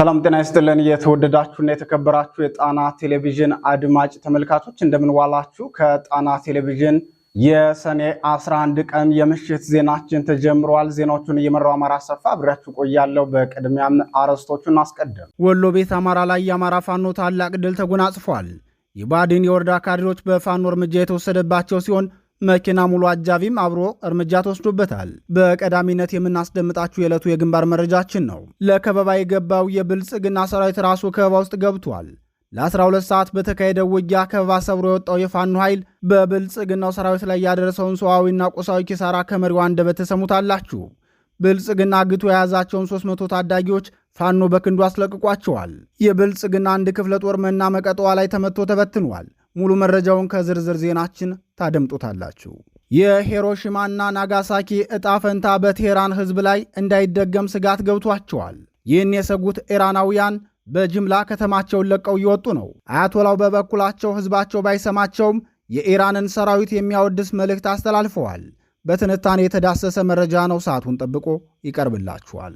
ሰላም ጤና ይስጥልን። የተወደዳችሁና የተከበራችሁ የጣና ቴሌቪዥን አድማጭ ተመልካቾች እንደምንዋላችሁ። ከጣና ቴሌቪዥን የሰኔ 11 ቀን የምሽት ዜናችን ተጀምሯል። ዜናዎቹን እየመራው አማራ ሰፋ አብሬያችሁ ቆያለሁ። በቅድሚያም አርዕስቶቹን አስቀድም። ወሎ ቤት አማራ ላይ የአማራ ፋኖ ታላቅ ድል ተጎናጽፏል። የባዲን የወረዳ ካድሬዎች በፋኖ እርምጃ የተወሰደባቸው ሲሆን መኪና ሙሉ አጃቢም አብሮ እርምጃ ተወስዶበታል። በቀዳሚነት የምናስደምጣችሁ የዕለቱ የግንባር መረጃችን ነው። ለከበባ የገባው የብልጽግና ሰራዊት ራሱ ከበባ ውስጥ ገብቷል። ለ12 ሰዓት በተካሄደው ውጊያ ከበባ ሰብሮ የወጣው የፋኖ ኃይል በብልጽግናው ሰራዊት ላይ ያደረሰውን ሰዋዊና ቁሳዊ ኪሳራ ከመሪው አንደበት ተሰሙታላችሁ። ብልጽግና ግቱ የያዛቸውን 300 ታዳጊዎች ፋኖ በክንዱ አስለቅቋቸዋል። የብልጽግና አንድ ክፍለ ጦር መና መቀጠዋ ላይ ተመቶ ተበትኗል። ሙሉ መረጃውን ከዝርዝር ዜናችን ታደምጡታላችሁ። የሂሮሺማና ናጋሳኪ ዕጣ ፈንታ በቴህራን ሕዝብ ላይ እንዳይደገም ስጋት ገብቷቸዋል። ይህን የሰጉት ኢራናውያን በጅምላ ከተማቸውን ለቀው እየወጡ ነው። አያቶላው በበኩላቸው ሕዝባቸው ባይሰማቸውም የኢራንን ሰራዊት የሚያወድስ መልእክት አስተላልፈዋል። በትንታኔ የተዳሰሰ መረጃ ነው። ሰዓቱን ጠብቆ ይቀርብላችኋል።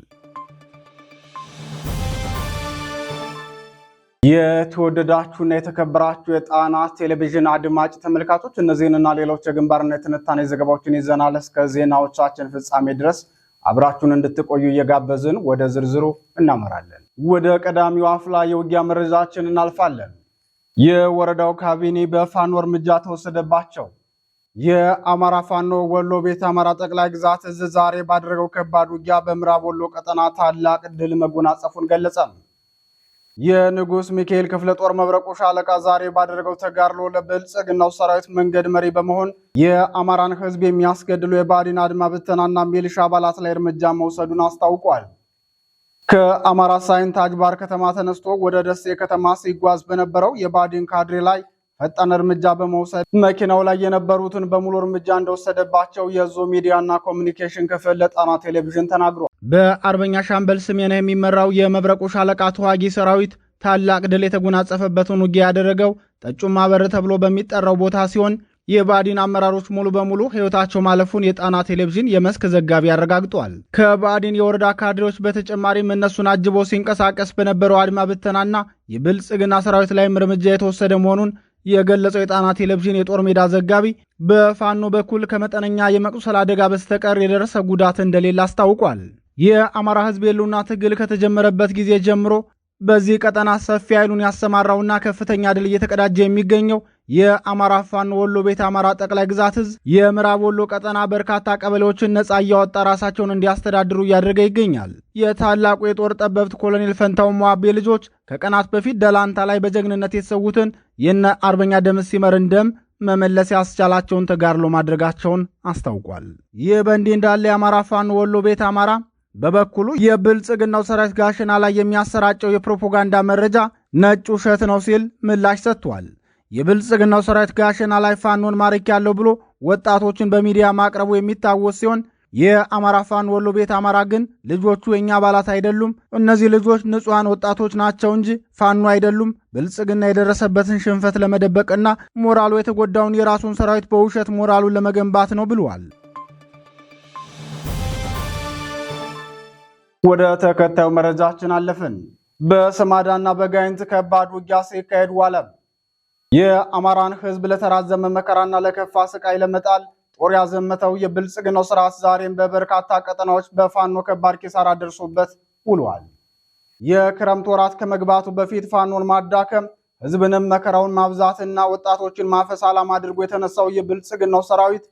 የተወደዳችሁና የተከበራችሁ የጣና ቴሌቪዥን አድማጭ ተመልካቾች እነዚህንና ሌሎች የግንባርና የትንታኔ ዘገባዎችን ይዘናል። እስከ ዜናዎቻችን ፍጻሜ ድረስ አብራችሁን እንድትቆዩ እየጋበዝን ወደ ዝርዝሩ እናመራለን። ወደ ቀዳሚው አፍላ የውጊያ መረጃችን እናልፋለን። የወረዳው ካቢኔ በፋኖ እርምጃ ተወሰደባቸው። የአማራ ፋኖ ወሎ ቤት አማራ ጠቅላይ ግዛት እዝ ዛሬ ባደረገው ከባድ ውጊያ በምዕራብ ወሎ ቀጠና ታላቅ ድል መጎናጸፉን ገለጸ። የንጉሥ ሚካኤል ክፍለ ጦር መብረቁ ሻለቃ ዛሬ ባደረገው ተጋድሎ ለብልጽግናው ሰራዊት መንገድ መሪ በመሆን የአማራን ህዝብ የሚያስገድሉ የባዲን አድማ ብተናና ሚሊሻ አባላት ላይ እርምጃ መውሰዱን አስታውቋል። ከአማራ ሳይንት አጅባር ከተማ ተነስቶ ወደ ደሴ ከተማ ሲጓዝ በነበረው የባዲን ካድሬ ላይ ፈጣን እርምጃ በመውሰድ መኪናው ላይ የነበሩትን በሙሉ እርምጃ እንደወሰደባቸው የዞ ሚዲያና ኮሚኒኬሽን ክፍል ለጣና ቴሌቪዥን ተናግሯል። በአርበኛ ሻምበል ስሜና የሚመራው የመብረቁ ሻለቃ ተዋጊ ሰራዊት ታላቅ ድል የተጎናጸፈበትን ውጊያ ያደረገው ጠጩማ በር ተብሎ በሚጠራው ቦታ ሲሆን የባዲን አመራሮች ሙሉ በሙሉ ሕይወታቸው ማለፉን የጣና ቴሌቪዥን የመስክ ዘጋቢ አረጋግጧል። ከባዲን የወረዳ ካድሬዎች በተጨማሪም እነሱን አጅቦ ሲንቀሳቀስ በነበረው አድማ ብተናና የብልጽግና ሰራዊት ላይም እርምጃ የተወሰደ መሆኑን የገለጸው የጣና ቴሌቪዥን የጦር ሜዳ ዘጋቢ በፋኖ በኩል ከመጠነኛ የመቁሰል አደጋ በስተቀር የደረሰ ጉዳት እንደሌለ አስታውቋል። የአማራ ሕዝብ የሉና ትግል ከተጀመረበት ጊዜ ጀምሮ በዚህ ቀጠና ሰፊ ኃይሉን ያሰማራውና ከፍተኛ ድል እየተቀዳጀ የሚገኘው የአማራ ፋኖ ወሎ ቤት አማራ ጠቅላይ ግዛት እዝ የምዕራብ ወሎ ቀጠና በርካታ ቀበሌዎችን ነፃ እያወጣ ራሳቸውን እንዲያስተዳድሩ እያደረገ ይገኛል። የታላቁ የጦር ጠበብት ኮሎኔል ፈንታው መዋቤ ልጆች ከቀናት በፊት ደላንታ ላይ በጀግንነት የተሰዉትን የነ አርበኛ ደምስ ሲመርን ደም መመለስ ያስቻላቸውን ተጋድሎ ማድረጋቸውን አስታውቋል። ይህ በእንዲህ እንዳለ የአማራ ፋኖ ወሎ ቤት አማራ በበኩሉ የብልጽግናው ሰራዊት ጋሸና ላይ የሚያሰራጨው የፕሮፓጋንዳ መረጃ ነጭ ውሸት ነው ሲል ምላሽ ሰጥቷል። የብልጽግናው ሰራዊት ጋሸና ላይ ፋኖን ማረክ ያለው ብሎ ወጣቶችን በሚዲያ ማቅረቡ የሚታወስ ሲሆን የአማራ ፋኖ ወሎ ቤት አማራ ግን ልጆቹ የእኛ አባላት አይደሉም፣ እነዚህ ልጆች ንጹሐን ወጣቶች ናቸው እንጂ ፋኖ አይደሉም፣ ብልጽግና የደረሰበትን ሽንፈት ለመደበቅና ሞራሉ የተጎዳውን የራሱን ሰራዊት በውሸት ሞራሉን ለመገንባት ነው ብለዋል። ወደ ተከታዩ መረጃችን አለፍን። በሰማዳና በጋይንት ከባድ ውጊያ ሲካሄድ ዋለም። የአማራን ህዝብ ለተራዘመ መከራና ለከፋ ስቃይ ለመጣል ጦር ያዘመተው የብልጽግናው ስርዓት ዛሬም በበርካታ ቀጠናዎች በፋኖ ከባድ ኪሳራ ደርሶበት ውሏል። የክረምት ወራት ከመግባቱ በፊት ፋኖን ማዳከም፣ ህዝብንም መከራውን ማብዛትና ወጣቶችን ማፈስ ዓላማ አድርጎ የተነሳው የብልጽግናው ሰራዊት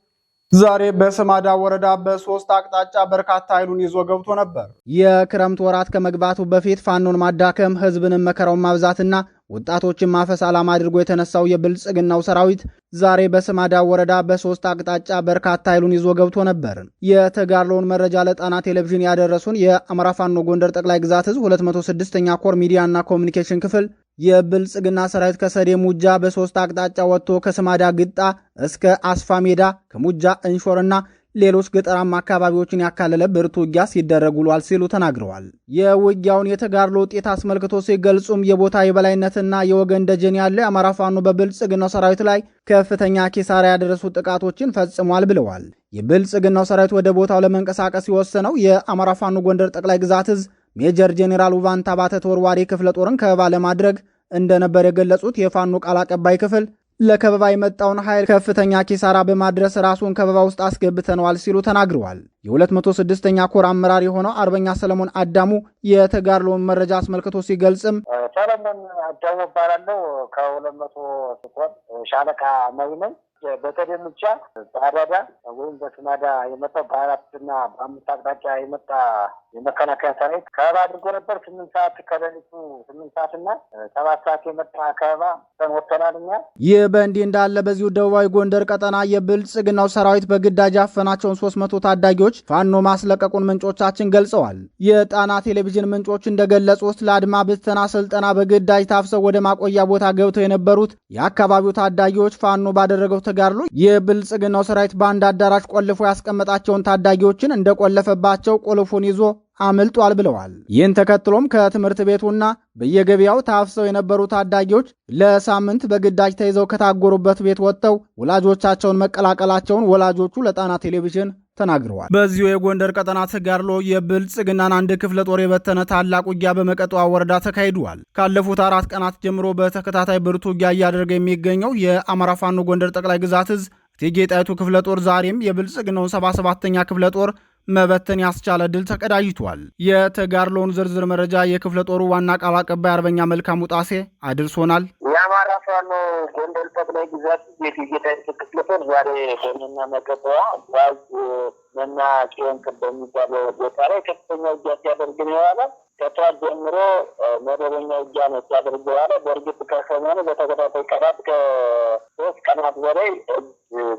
ዛሬ በስማዳ ወረዳ በሶስት አቅጣጫ በርካታ ኃይሉን ይዞ ገብቶ ነበር። የክረምት ወራት ከመግባቱ በፊት ፋኖን ማዳከም፣ ህዝብንም መከራውን ማብዛትና ወጣቶችን ማፈስ ዓላማ አድርጎ የተነሳው የብልጽግናው ሰራዊት ዛሬ በስማዳ ወረዳ በሶስት አቅጣጫ በርካታ ኃይሉን ይዞ ገብቶ ነበር። የተጋድሎውን መረጃ ለጣና ቴሌቪዥን ያደረሱን የአማራ ፋኖ ጎንደር ጠቅላይ ግዛት ህዝብ 206ኛ ኮር ሚዲያና ኮሚኒኬሽን ክፍል የብልጽግና ሰራዊት ከሰዴ ሙጃ በሶስት አቅጣጫ ወጥቶ ከስማዳ ግጣ እስከ አስፋ ሜዳ ከሙጃ እንሾርና ሌሎች ገጠራማ አካባቢዎችን ያካለለ ብርቱ ውጊያ ሲደረግ ውሏል ሲሉ ተናግረዋል። የውጊያውን የተጋድሎ ውጤት አስመልክቶ ሲገልጹም የቦታ የበላይነትና የወገን ደጀን ያለው የአማራ ፋኖ በብልጽግናው ሰራዊት ላይ ከፍተኛ ኪሳራ ያደረሱ ጥቃቶችን ፈጽሟል ብለዋል። የብልጽግናው ሰራዊት ወደ ቦታው ለመንቀሳቀስ የወሰነው የአማራ ፋኖ ጎንደር ጠቅላይ ግዛት እዝ ሜጀር ጄኔራል ውቫንታ ባተ ተወርዋሪ ክፍለ ጦርን ከበባ ለማድረግ እንደነበር የገለጹት የፋኖ ቃል አቀባይ ክፍል ለከበባ የመጣውን ኃይል ከፍተኛ ኪሳራ በማድረስ ራሱን ከበባ ውስጥ አስገብተነዋል ሲሉ ተናግረዋል። የ206ኛ ኮር አመራር የሆነው አርበኛ ሰለሞን አዳሙ የተጋድሎውን መረጃ አስመልክቶ ሲገልጽም ሰለሞን አዳሙ እባላለሁ ከሁለት መቶ ስኮር ሻለቃ መሪ ነኝ። በተለይ ምቻ በአዳዳ ወይም በስናዳ የመጣው በአራትና በአምስት አቅጣጫ የመጣ የመከላከያ ሰራዊት ከበባ አድርጎ ነበር። ስምንት ሰዓት ከሌሊቱ ስምንት ሰዓት እና ሰባት ሰዓት የመጣ ከበባ ሰን ወጥተናል እኛ። ይህ በእንዲህ እንዳለ በዚሁ ደቡባዊ ጎንደር ቀጠና የብልጽግናው ሰራዊት በግዳጅ ያፈናቸውን ሶስት መቶ ታዳጊዎች ፋኖ ማስለቀቁን ምንጮቻችን ገልጸዋል። የጣና ቴሌቪዥን ምንጮች እንደገለጹት ለአድማ ብተና ስልጠና በግዳጅ ታፍሰው ወደ ማቆያ ቦታ ገብተው የነበሩት የአካባቢው ታዳጊዎች ፋኖ ባደረገው ተጋድሎ የብልጽግናው ሰራዊት በአንድ አዳራሽ ቆልፎ ያስቀመጣቸውን ታዳጊዎችን እንደቆለፈባቸው ቁልፉን ይዞ አምልጧል ብለዋል። ይህን ተከትሎም ከትምህርት ቤቱና በየገበያው ታፍሰው የነበሩ ታዳጊዎች ለሳምንት በግዳጅ ተይዘው ከታጎሩበት ቤት ወጥተው ወላጆቻቸውን መቀላቀላቸውን ወላጆቹ ለጣና ቴሌቪዥን ተናግረዋል። በዚሁ የጎንደር ቀጠና ተጋድሎ የብልጽግናን አንድ ክፍለ ጦር የበተነ ታላቅ ውጊያ በመቀጠዋ ወረዳ ተካሂዷል። ካለፉት አራት ቀናት ጀምሮ በተከታታይ ብርቱ ውጊያ እያደረገ የሚገኘው የአማራ ፋኖ ጎንደር ጠቅላይ ግዛት እዝ እቴጌ ጣይቱ ክፍለ ጦር ዛሬም የብልጽግናውን 77ኛ ክፍለ ጦር መበተን ያስቻለ ድል ተቀዳጅቷል። የተጋድሎውን ዝርዝር መረጃ የክፍለ ጦሩ ዋና ቃል አቀባይ አርበኛ መልካሙ ጣሴ አድርሶናል። ፋኖ ጎንደር ጠቅላይ ግዛት ቤት ጌታቸው ክፍለ ዛሬ በእኔና መቀበያ ዋዝ መና ጽዮን በሚባለው ቦታ ላይ ከፍተኛ ውጊያ ሲያደርግ ነው የዋለ። ከጠዋት ጀምሮ መደበኛ ውጊያ ነው ሲያደርግ የዋለ። በእርግጥ ከሰሞኑ በተከታታይ ቀናት ከሶስት ቀናት በላይ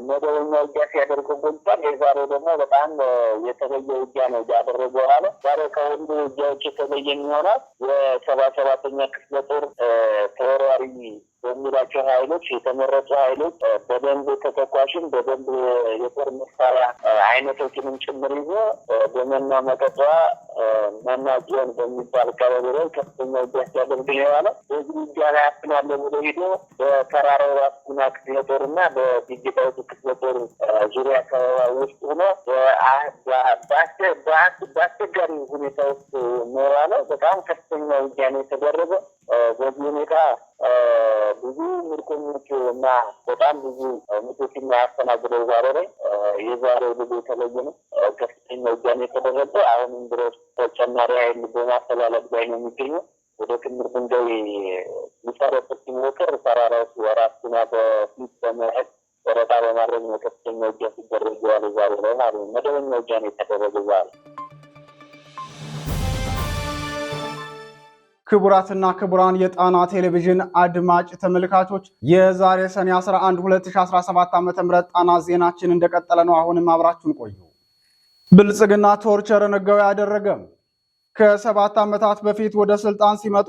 መደበኛ ውጊያ ሲያደርጉ ቆይቷል። የዛሬ ደግሞ በጣም የተለየ ውጊያ ነው ያደረገ የዋለ። ዛሬ ከሁሉ ውጊያዎች የተለየ የሚሆናል የሰባ ሰባተኛ ክፍለ ጦር ተወርዋሪ በሚላቸው ኃይሎች የተመረጡ ኃይሎች በደንብ ተተኳሽን በደንብ የጦር መሳሪያ አይነቶችንም ጭምር ይዞ መቀጫ ማናቸውን በሚባል ቀበሌ ላይ ከፍተኛ ውጊያ ሲያደርግ ነው የዋለ። በዚህ ውጊያ ላይ አፍናለሁ ብሎ ሄዶ በተራራው ዋስና ክፍለ ጦር እና በዲጌታዊቱ ክፍለ ጦር ዙሪያ ከበባ ውስጥ ሆኖ በአስቸጋሪ ሁኔታ ውስጥ ነው የዋለው። በጣም ከፍተኛ ውጊያ ነው የተደረገ። በዚህ ሁኔታ ብዙ ምርኮኞች እና በጣም ብዙ ምቶች የሚያስተናግደው ዛሬ ላይ የዛሬው ልብ የተለየ ነው። ከፍተኛ ውጊያ ነው የተደረገ አሁንም ድረስ ተጨማሪ ኃይል በማፈላለግ ላይ ነው የሚገኘው። ወደ ክምር ድንጋይ ሊሰረጥር ሲሞክር ተራራ ወራሱና በፊት በመሄድ ወረጣ በማድረግ ነው ከፍተኛ ውጊያ ሲደረግ ዋለ። ዛሬ ላይ ማለት ነው መደበኛ ውጊያ ነው የተደረገ ዛሬ። ክቡራትና ክቡራን የጣና ቴሌቪዥን አድማጭ ተመልካቾች የዛሬ ሰኔ 11 2017 ዓ ም ጣና ዜናችን እንደቀጠለ ነው። አሁንም አብራችሁን ቆዩ። ብልጽግና ቶርቸርን ህጋዊ አደረገም። ከሰባት ዓመታት በፊት ወደ ስልጣን ሲመጡ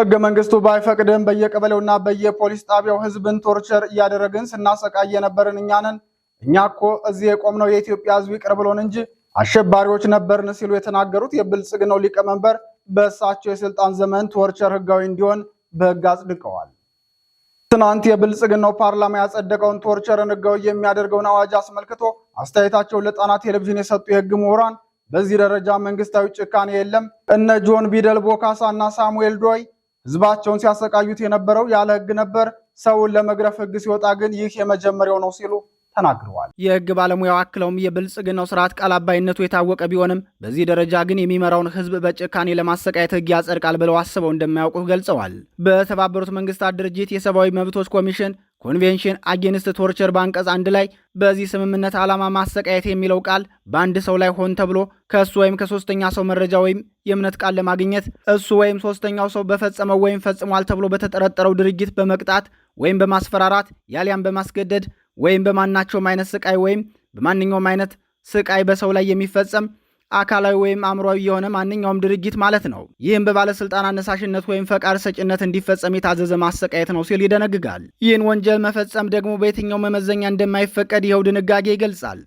ህገ መንግስቱ ባይፈቅድም በየቀበሌውና በየፖሊስ ጣቢያው ህዝብን ቶርቸር እያደረግን ስናሰቃይ የነበርን እኛንን እኛ እኮ እዚህ የቆምነው የኢትዮጵያ ህዝብ ይቅር ብሎን እንጂ አሸባሪዎች ነበርን ሲሉ የተናገሩት የብልጽግናው ሊቀመንበር በእሳቸው የስልጣን ዘመን ቶርቸር ህጋዊ እንዲሆን በህግ አጽድቀዋል። ትናንት የብልጽግናው ፓርላማ ያጸደቀውን ቶርቸርን ሕጋዊ የሚያደርገውን አዋጅ አስመልክቶ አስተያየታቸውን ለጣና ቴሌቪዥን የሰጡ የህግ ምሁራን በዚህ ደረጃ መንግስታዊ ጭካኔ የለም፣ እነ ጆን ቢደል ቦካሳ እና ሳሙኤል ዶይ ህዝባቸውን ሲያሰቃዩት የነበረው ያለ ህግ ነበር፣ ሰውን ለመግረፍ ህግ ሲወጣ ግን ይህ የመጀመሪያው ነው ሲሉ ተናግረዋል። የህግ ባለሙያው አክለውም የብልጽግናው ስርዓት ቃል አባይነቱ የታወቀ ቢሆንም በዚህ ደረጃ ግን የሚመራውን ህዝብ በጭካኔ ለማሰቃየት ህግ ያጸድቃል ብለው አስበው እንደማያውቁ ገልጸዋል። በተባበሩት መንግስታት ድርጅት የሰብአዊ መብቶች ኮሚሽን ኮንቬንሽን አጌንስት ቶርቸር በአንቀጽ አንድ ላይ በዚህ ስምምነት ዓላማ ማሰቃየት የሚለው ቃል በአንድ ሰው ላይ ሆን ተብሎ ከእሱ ወይም ከሶስተኛ ሰው መረጃ ወይም የእምነት ቃል ለማግኘት እሱ ወይም ሶስተኛው ሰው በፈጸመው ወይም ፈጽሟል ተብሎ በተጠረጠረው ድርጊት በመቅጣት ወይም በማስፈራራት ያሊያም በማስገደድ ወይም በማናቸውም አይነት ስቃይ ወይም በማንኛውም አይነት ስቃይ በሰው ላይ የሚፈጸም አካላዊ ወይም አእምሯዊ የሆነ ማንኛውም ድርጊት ማለት ነው። ይህም በባለስልጣን አነሳሽነት ወይም ፈቃድ ሰጭነት እንዲፈጸም የታዘዘ ማሰቃየት ነው ሲል ይደነግጋል። ይህን ወንጀል መፈጸም ደግሞ በየትኛው መመዘኛ እንደማይፈቀድ ይኸው ድንጋጌ ይገልጻል።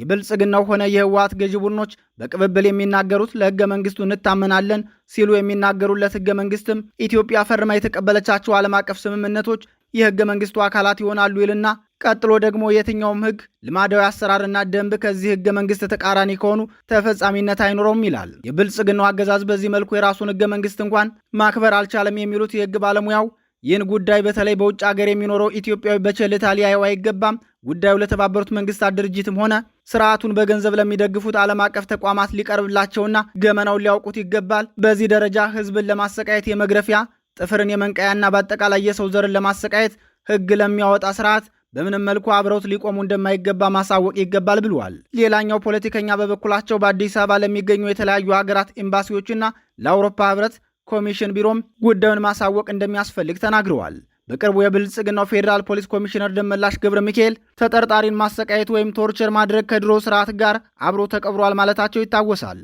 የብልጽግናው ሆነ የህወሓት ገዢ ቡድኖች በቅብብል የሚናገሩት ለህገ መንግስቱ እንታመናለን ሲሉ የሚናገሩለት ህገ መንግስትም ኢትዮጵያ ፈርማ የተቀበለቻቸው ዓለም አቀፍ ስምምነቶች የህገ መንግስቱ አካላት ይሆናሉ ይልና ቀጥሎ ደግሞ የትኛውም ህግ ልማዳዊ አሰራርና ደንብ ከዚህ ህገ መንግስት ተቃራኒ ከሆኑ ተፈጻሚነት አይኖረውም ይላል። የብልጽግናው አገዛዝ በዚህ መልኩ የራሱን ህገ መንግስት እንኳን ማክበር አልቻለም የሚሉት የህግ ባለሙያው ይህን ጉዳይ በተለይ በውጭ ሀገር የሚኖረው ኢትዮጵያዊ በቸልታ ሊያየው አይገባም። ጉዳዩ ለተባበሩት መንግስታት ድርጅትም ሆነ ስርዓቱን በገንዘብ ለሚደግፉት ዓለም አቀፍ ተቋማት ሊቀርብላቸውና ገመናውን ሊያውቁት ይገባል። በዚህ ደረጃ ህዝብን ለማሰቃየት የመግረፊያ ጥፍርን የመንቀያና በአጠቃላይ የሰው ዘርን ለማሰቃየት ህግ ለሚያወጣ ስርዓት በምንም መልኩ አብረውት ሊቆሙ እንደማይገባ ማሳወቅ ይገባል ብለዋል። ሌላኛው ፖለቲከኛ በበኩላቸው በአዲስ አበባ ለሚገኙ የተለያዩ ሀገራት ኤምባሲዎችና ለአውሮፓ ህብረት ኮሚሽን ቢሮም ጉዳዩን ማሳወቅ እንደሚያስፈልግ ተናግረዋል። በቅርቡ የብልጽግናው ፌዴራል ፖሊስ ኮሚሽነር ደመላሽ ገብረ ሚካኤል ተጠርጣሪን ማሰቃየት ወይም ቶርቸር ማድረግ ከድሮ ስርዓት ጋር አብሮ ተቀብሯል ማለታቸው ይታወሳል።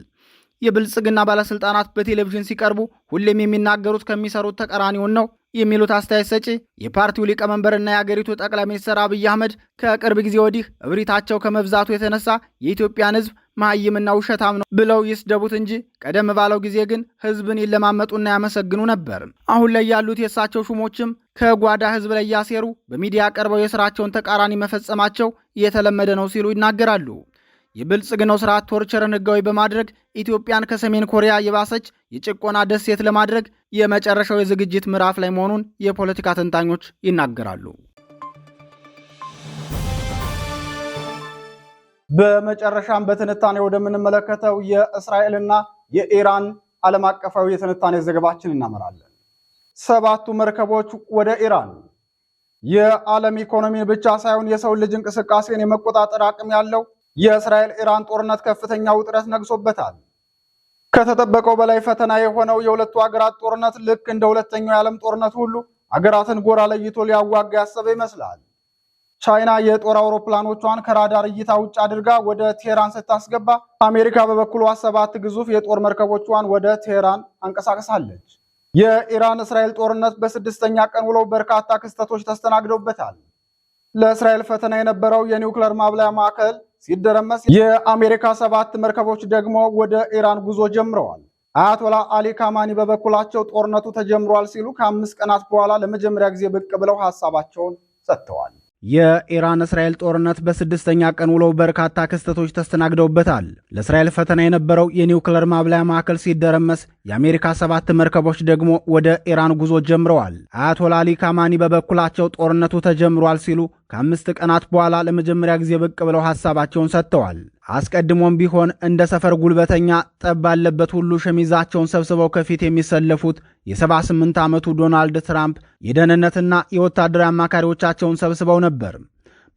የብልጽግና ባለስልጣናት በቴሌቪዥን ሲቀርቡ ሁሌም የሚናገሩት ከሚሰሩት ተቃራኒውን ነው የሚሉት አስተያየት ሰጪ የፓርቲው ሊቀመንበርና የአገሪቱ ጠቅላይ ሚኒስትር አብይ አህመድ ከቅርብ ጊዜ ወዲህ እብሪታቸው ከመብዛቱ የተነሳ የኢትዮጵያን ሕዝብ መሀይምና ውሸታም ነው ብለው ይስደቡት እንጂ ቀደም ባለው ጊዜ ግን ሕዝብን ይለማመጡና ያመሰግኑ ነበር። አሁን ላይ ያሉት የእሳቸው ሹሞችም ከጓዳ ሕዝብ ላይ ያሴሩ በሚዲያ ቀርበው የስራቸውን ተቃራኒ መፈጸማቸው የተለመደ ነው ሲሉ ይናገራሉ። የብልጽግናው ስርዓት ቶርቸርን ህጋዊ በማድረግ ኢትዮጵያን ከሰሜን ኮሪያ የባሰች የጭቆና ደሴት ለማድረግ የመጨረሻው የዝግጅት ምዕራፍ ላይ መሆኑን የፖለቲካ ተንታኞች ይናገራሉ። በመጨረሻም በትንታኔ ወደምንመለከተው የእስራኤልና የኢራን ዓለም አቀፋዊ የትንታኔ ዘገባችን እናመራለን። ሰባቱ መርከቦች ወደ ኢራን የዓለም ኢኮኖሚን ብቻ ሳይሆን የሰውን ልጅ እንቅስቃሴን የመቆጣጠር አቅም ያለው የእስራኤል ኢራን ጦርነት ከፍተኛ ውጥረት ነግሶበታል። ከተጠበቀው በላይ ፈተና የሆነው የሁለቱ አገራት ጦርነት ልክ እንደ ሁለተኛው የዓለም ጦርነት ሁሉ አገራትን ጎራ ለይቶ ሊያዋጋ ያሰበ ይመስላል። ቻይና የጦር አውሮፕላኖቿን ከራዳር እይታ ውጭ አድርጋ ወደ ቴሄራን ስታስገባ፣ አሜሪካ በበኩሏ ሰባት ግዙፍ የጦር መርከቦቿን ወደ ቴሄራን አንቀሳቅሳለች። የኢራን እስራኤል ጦርነት በስድስተኛ ቀን ውለው በርካታ ክስተቶች ተስተናግደውበታል። ለእስራኤል ፈተና የነበረው የኒውክለር ማብላያ ማዕከል ሲደረመስ የአሜሪካ ሰባት መርከቦች ደግሞ ወደ ኢራን ጉዞ ጀምረዋል። አያቶላ አሊ ካማኒ በበኩላቸው ጦርነቱ ተጀምሯል ሲሉ ከአምስት ቀናት በኋላ ለመጀመሪያ ጊዜ ብቅ ብለው ሀሳባቸውን ሰጥተዋል። የኢራን እስራኤል ጦርነት በስድስተኛ ቀን ውለው በርካታ ክስተቶች ተስተናግደውበታል። ለእስራኤል ፈተና የነበረው የኒውክለር ማብላያ ማዕከል ሲደረመስ የአሜሪካ ሰባት መርከቦች ደግሞ ወደ ኢራን ጉዞ ጀምረዋል። አያቶላ አሊ ካማኒ በበኩላቸው ጦርነቱ ተጀምሯል ሲሉ ከአምስት ቀናት በኋላ ለመጀመሪያ ጊዜ ብቅ ብለው ሐሳባቸውን ሰጥተዋል። አስቀድሞም ቢሆን እንደ ሰፈር ጉልበተኛ ጠብ ባለበት ሁሉ ሸሚዛቸውን ሰብስበው ከፊት የሚሰለፉት የ78 ዓመቱ ዶናልድ ትራምፕ የደህንነትና የወታደራዊ አማካሪዎቻቸውን ሰብስበው ነበር።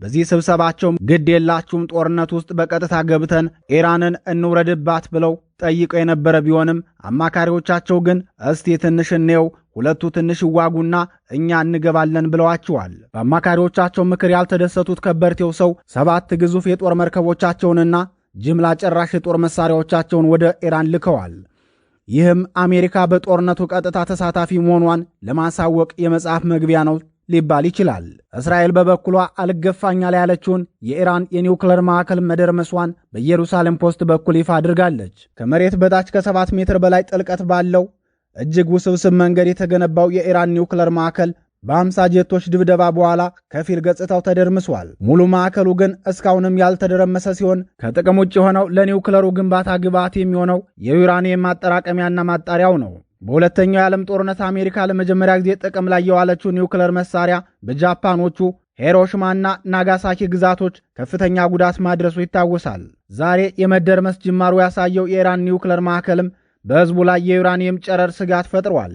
በዚህ ስብሰባቸውም ግድ የላችሁም ጦርነት ውስጥ በቀጥታ ገብተን ኢራንን እንውረድባት ብለው ጠይቀው የነበረ ቢሆንም አማካሪዎቻቸው ግን እስቲ ትንሽ እንየው ሁለቱ ትንሽ ይዋጉና እኛ እንገባለን ብለዋችኋል። በአማካሪዎቻቸው ምክር ያልተደሰቱት ከበርቴው ሰው ሰባት ግዙፍ የጦር መርከቦቻቸውንና ጅምላ ጨራሽ የጦር መሳሪያዎቻቸውን ወደ ኢራን ልከዋል። ይህም አሜሪካ በጦርነቱ ቀጥታ ተሳታፊ መሆኗን ለማሳወቅ የመጽሐፍ መግቢያ ነው ሊባል ይችላል። እስራኤል በበኩሏ አልገፋኛል ያለችውን የኢራን የኒውክለር ማዕከል መደርመሷን በኢየሩሳሌም ፖስት በኩል ይፋ አድርጋለች። ከመሬት በታች ከሰባት ሜትር በላይ ጥልቀት ባለው እጅግ ውስብስብ መንገድ የተገነባው የኢራን ኒውክለር ማዕከል በአምሳ ጀቶች ድብደባ በኋላ ከፊል ገጽታው ተደርምሷል። ሙሉ ማዕከሉ ግን እስካሁንም ያልተደረመሰ ሲሆን ከጥቅም ውጭ የሆነው ለኒውክለሩ ግንባታ ግብዓት የሚሆነው የዩራኒየም ማጠራቀሚያና ማጣሪያው ነው። በሁለተኛው የዓለም ጦርነት አሜሪካ ለመጀመሪያ ጊዜ ጥቅም ላይ የዋለችው ኒውክለር መሳሪያ በጃፓኖቹ ሄሮሽማና ናጋሳኪ ግዛቶች ከፍተኛ ጉዳት ማድረሱ ይታወሳል። ዛሬ የመደርመስ ጅማሩ ያሳየው የኢራን ኒውክለር ማዕከልም በሕዝቡ ላይ የዩራኒየም ጨረር ስጋት ፈጥሯል።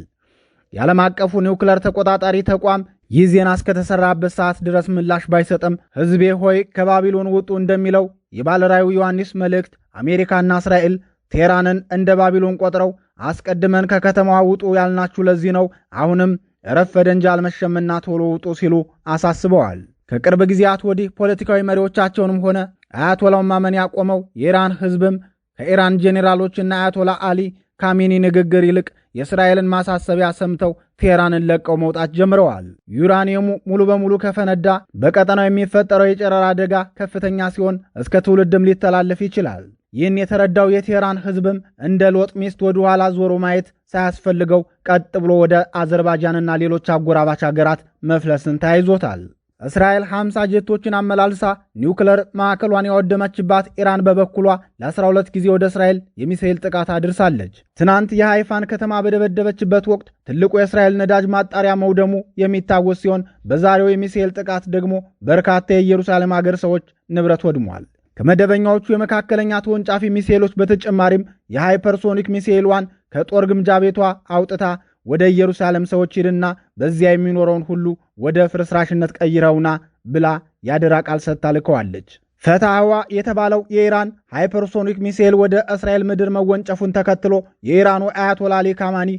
የዓለም አቀፉ ኒውክለር ተቆጣጣሪ ተቋም ይህ ዜና እስከተሰራበት ሰዓት ድረስ ምላሽ ባይሰጥም ሕዝቤ ሆይ ከባቢሎን ውጡ እንደሚለው የባለራዩ ዮሐንስ መልእክት አሜሪካና እስራኤል ቴህራንን እንደ ባቢሎን ቆጥረው አስቀድመን ከከተማዋ ውጡ ያልናችሁ ለዚህ ነው፣ አሁንም ረፈደ እንጂ አልመሸምና ቶሎ ውጡ ሲሉ አሳስበዋል። ከቅርብ ጊዜያት ወዲህ ፖለቲካዊ መሪዎቻቸውንም ሆነ አያቶላውን ማመን ያቆመው የኢራን ሕዝብም ከኢራን ጄኔራሎችና አያቶላ አሊ ካሜኒ ንግግር ይልቅ የእስራኤልን ማሳሰቢያ ሰምተው ቴህራንን ለቀው መውጣት ጀምረዋል። ዩራኒየሙ ሙሉ በሙሉ ከፈነዳ በቀጠናው የሚፈጠረው የጨረራ አደጋ ከፍተኛ ሲሆን እስከ ትውልድም ሊተላለፍ ይችላል። ይህን የተረዳው የቴህራን ሕዝብም እንደ ሎጥ ሚስት ወደ ኋላ ዞሮ ማየት ሳያስፈልገው ቀጥ ብሎ ወደ አዘርባይጃንና ሌሎች አጎራባች ሀገራት መፍለስን ተያይዞታል። እስራኤል 50 ጀቶችን አመላልሳ ኒውክለር ማዕከሏን ያወደመችባት ኢራን በበኩሏ ለ12 ጊዜ ወደ እስራኤል የሚሳኤል ጥቃት አድርሳለች። ትናንት የሃይፋን ከተማ በደበደበችበት ወቅት ትልቁ የእስራኤል ነዳጅ ማጣሪያ መውደሙ የሚታወስ ሲሆን በዛሬው የሚሳኤል ጥቃት ደግሞ በርካታ የኢየሩሳሌም አገር ሰዎች ንብረት ወድሟል። ከመደበኛዎቹ የመካከለኛ ተወንጫፊ ሚሳኤሎች በተጨማሪም የሃይፐርሶኒክ ሚሳኤልዋን ከጦር ግምጃ ቤቷ አውጥታ ወደ ኢየሩሳሌም ሰዎች ሂድና በዚያ የሚኖረውን ሁሉ ወደ ፍርስራሽነት ቀይረውና ብላ ያደራ ቃል ሰጥታ ልከዋለች። ፈታህዋ የተባለው የኢራን ሃይፐርሶኒክ ሚሳኤል ወደ እስራኤል ምድር መወንጨፉን ተከትሎ የኢራኑ አያቶላሊ ካማኒ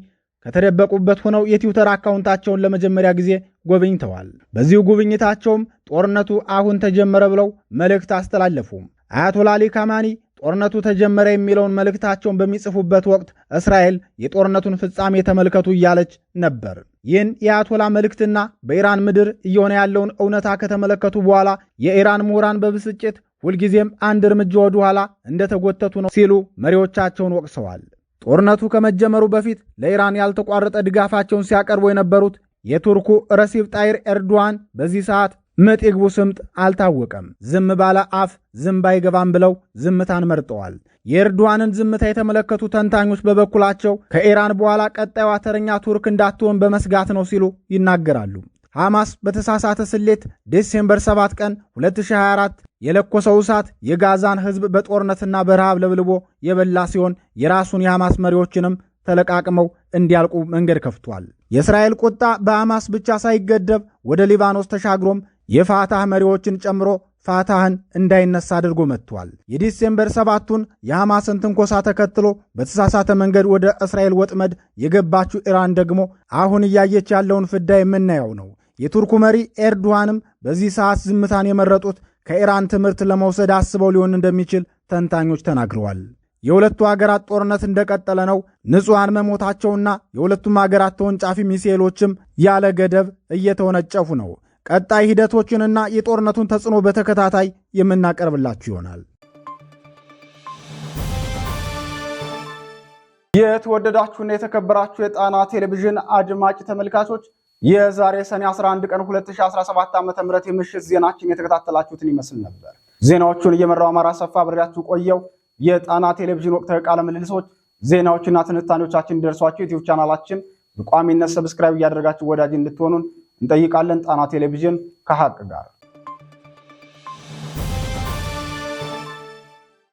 ከተደበቁበት ሆነው የትዊተር አካውንታቸውን ለመጀመሪያ ጊዜ ጎብኝተዋል። በዚሁ ጉብኝታቸውም ጦርነቱ አሁን ተጀመረ ብለው መልእክት አስተላለፉ። አያቶላሊ ካማኒ ጦርነቱ ተጀመረ የሚለውን መልእክታቸውን በሚጽፉበት ወቅት እስራኤል የጦርነቱን ፍጻሜ ተመልከቱ እያለች ነበር። ይህን የአያቶላ መልእክትና በኢራን ምድር እየሆነ ያለውን እውነታ ከተመለከቱ በኋላ የኢራን ምሁራን በብስጭት ሁልጊዜም አንድ እርምጃ ወደ ኋላ እንደተጎተቱ ነው ሲሉ መሪዎቻቸውን ወቅሰዋል። ጦርነቱ ከመጀመሩ በፊት ለኢራን ያልተቋረጠ ድጋፋቸውን ሲያቀርቡ የነበሩት የቱርኩ ረሲብ ጣይር ኤርዶዋን በዚህ ሰዓት ምጥ ስምጥ አልታወቀም። ዝም ባለ አፍ ዝም ባይገባም ብለው ዝምታን መርጠዋል። የኤርዶዋንን ዝምታ የተመለከቱ ተንታኞች በበኩላቸው ከኢራን በኋላ ቀጣዩ አተረኛ ቱርክ እንዳትሆን በመስጋት ነው ሲሉ ይናገራሉ። ሐማስ በተሳሳተ ስሌት ዲሴምበር 7 ቀን 2024 የለኮሰው እሳት የጋዛን ሕዝብ በጦርነትና በረሃብ ለብልቦ የበላ ሲሆን የራሱን የሐማስ መሪዎችንም ተለቃቅመው እንዲያልቁ መንገድ ከፍቷል። የእስራኤል ቁጣ በሐማስ ብቻ ሳይገደብ ወደ ሊባኖስ ተሻግሮም የፋታህ መሪዎችን ጨምሮ ፋታህን እንዳይነሳ አድርጎ መጥቷል። የዲሴምበር ሰባቱን የሐማስን ትንኮሳ ተከትሎ በተሳሳተ መንገድ ወደ እስራኤል ወጥመድ የገባችው ኢራን ደግሞ አሁን እያየች ያለውን ፍዳ የምናየው ነው። የቱርኩ መሪ ኤርዶዋንም በዚህ ሰዓት ዝምታን የመረጡት ከኢራን ትምህርት ለመውሰድ አስበው ሊሆን እንደሚችል ተንታኞች ተናግረዋል። የሁለቱ አገራት ጦርነት እንደቀጠለ ነው። ንጹሐን መሞታቸውና የሁለቱም አገራት ተወንጫፊ ሚሳኤሎችም ያለ ገደብ እየተወነጨፉ ነው። ቀጣይ ሂደቶችንና የጦርነቱን ተጽዕኖ በተከታታይ የምናቀርብላችሁ ይሆናል። የተወደዳችሁና የተከበራችሁ የጣና ቴሌቪዥን አድማጭ ተመልካቾች የዛሬ ሰኔ 11 ቀን 2017 ዓ ም የምሽት ዜናችን የተከታተላችሁትን ይመስል ነበር። ዜናዎቹን እየመራው አማራ ሰፋ ብሬያችሁ ቆየው። የጣና ቴሌቪዥን ወቅታዊ ቃለ ምልልሶች፣ ዜናዎችና ትንታኔዎቻችን ደርሷቸው ዩቲዩብ ቻናላችን በቋሚነት ሰብስክራይብ እያደረጋችሁ ወዳጅ እንድትሆኑን እንጠይቃለን። ጣና ቴሌቪዥን ከሀቅ ጋር